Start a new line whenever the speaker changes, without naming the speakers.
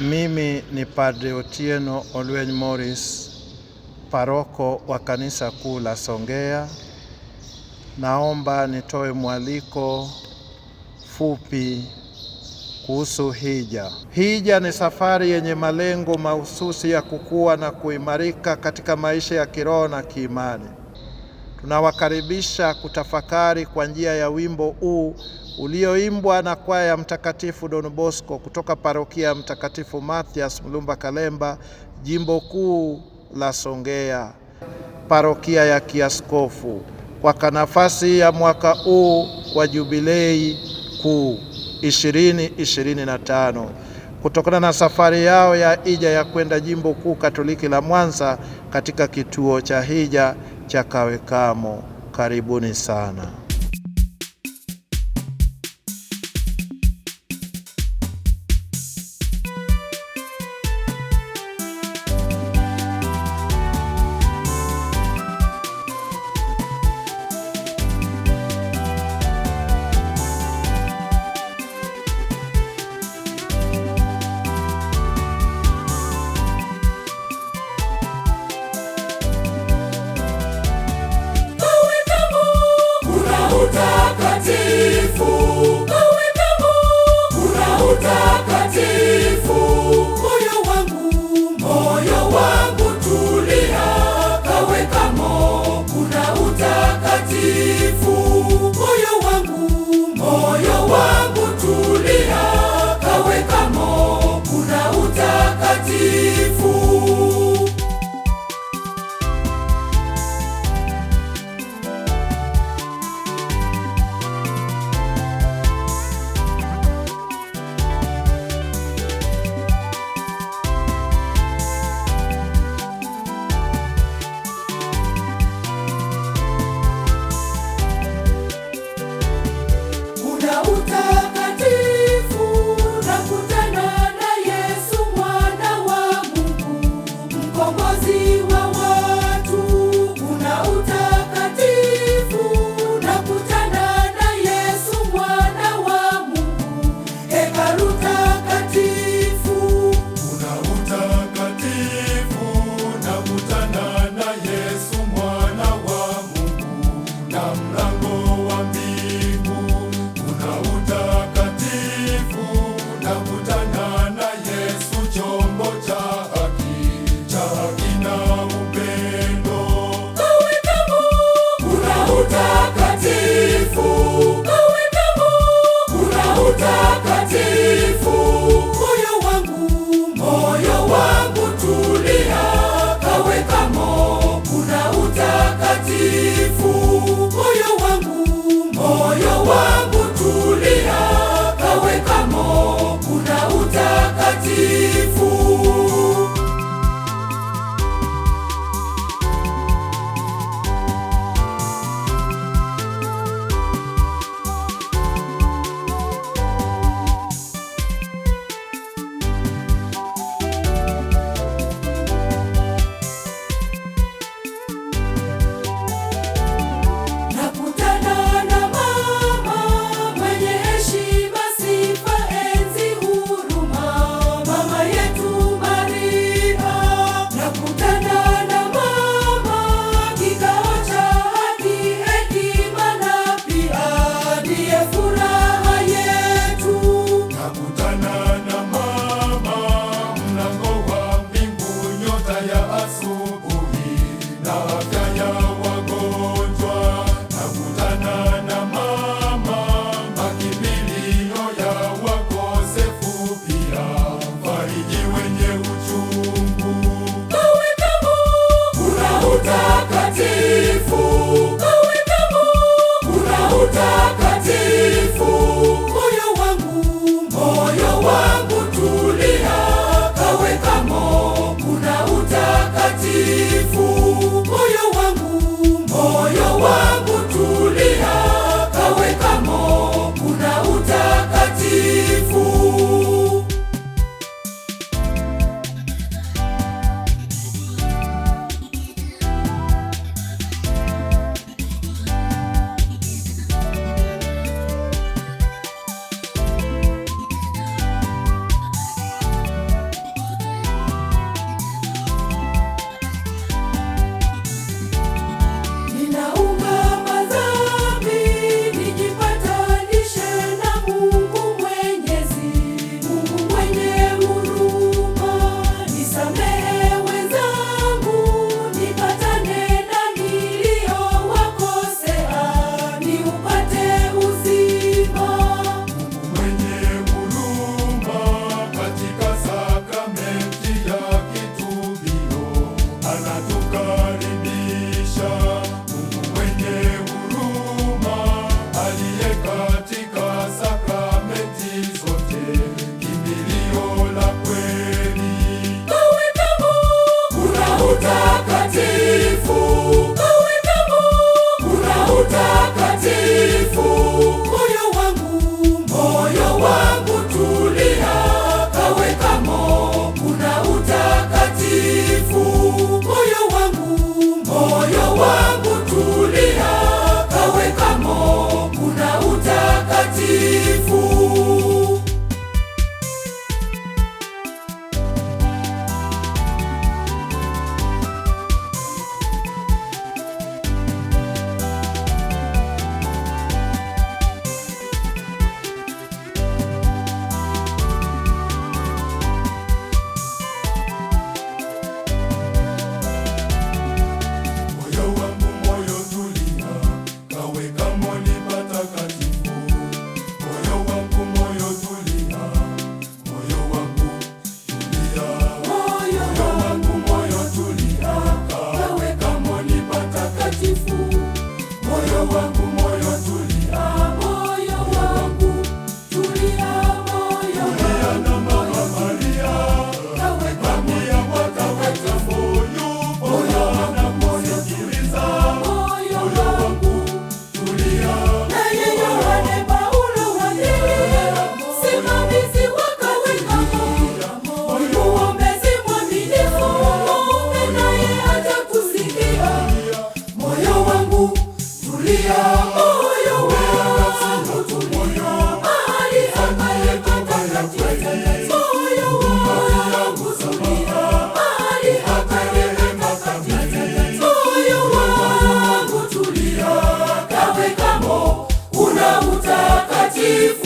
Mimi ni Padre Otieno Olweny Morris, paroko wa Kanisa Kuu la Songea. Naomba nitoe mwaliko fupi kuhusu hija. Hija ni safari yenye malengo mahususi ya kukua na kuimarika katika maisha ya kiroho na kiimani. Tunawakaribisha kutafakari kwa njia ya wimbo huu ulioimbwa na kwaya ya Mtakatifu Don Bosco kutoka parokia ya Mtakatifu Mathias Mlumba Kalemba, jimbo kuu la Songea, parokia ya kiaskofu, kwa kanafasi ya mwaka huu wa jubilei kuu 2025 kutokana na safari yao ya hija ya kwenda jimbo kuu Katoliki la Mwanza katika kituo cha hija cha Kawekamo. Karibuni sana.
Lord believe.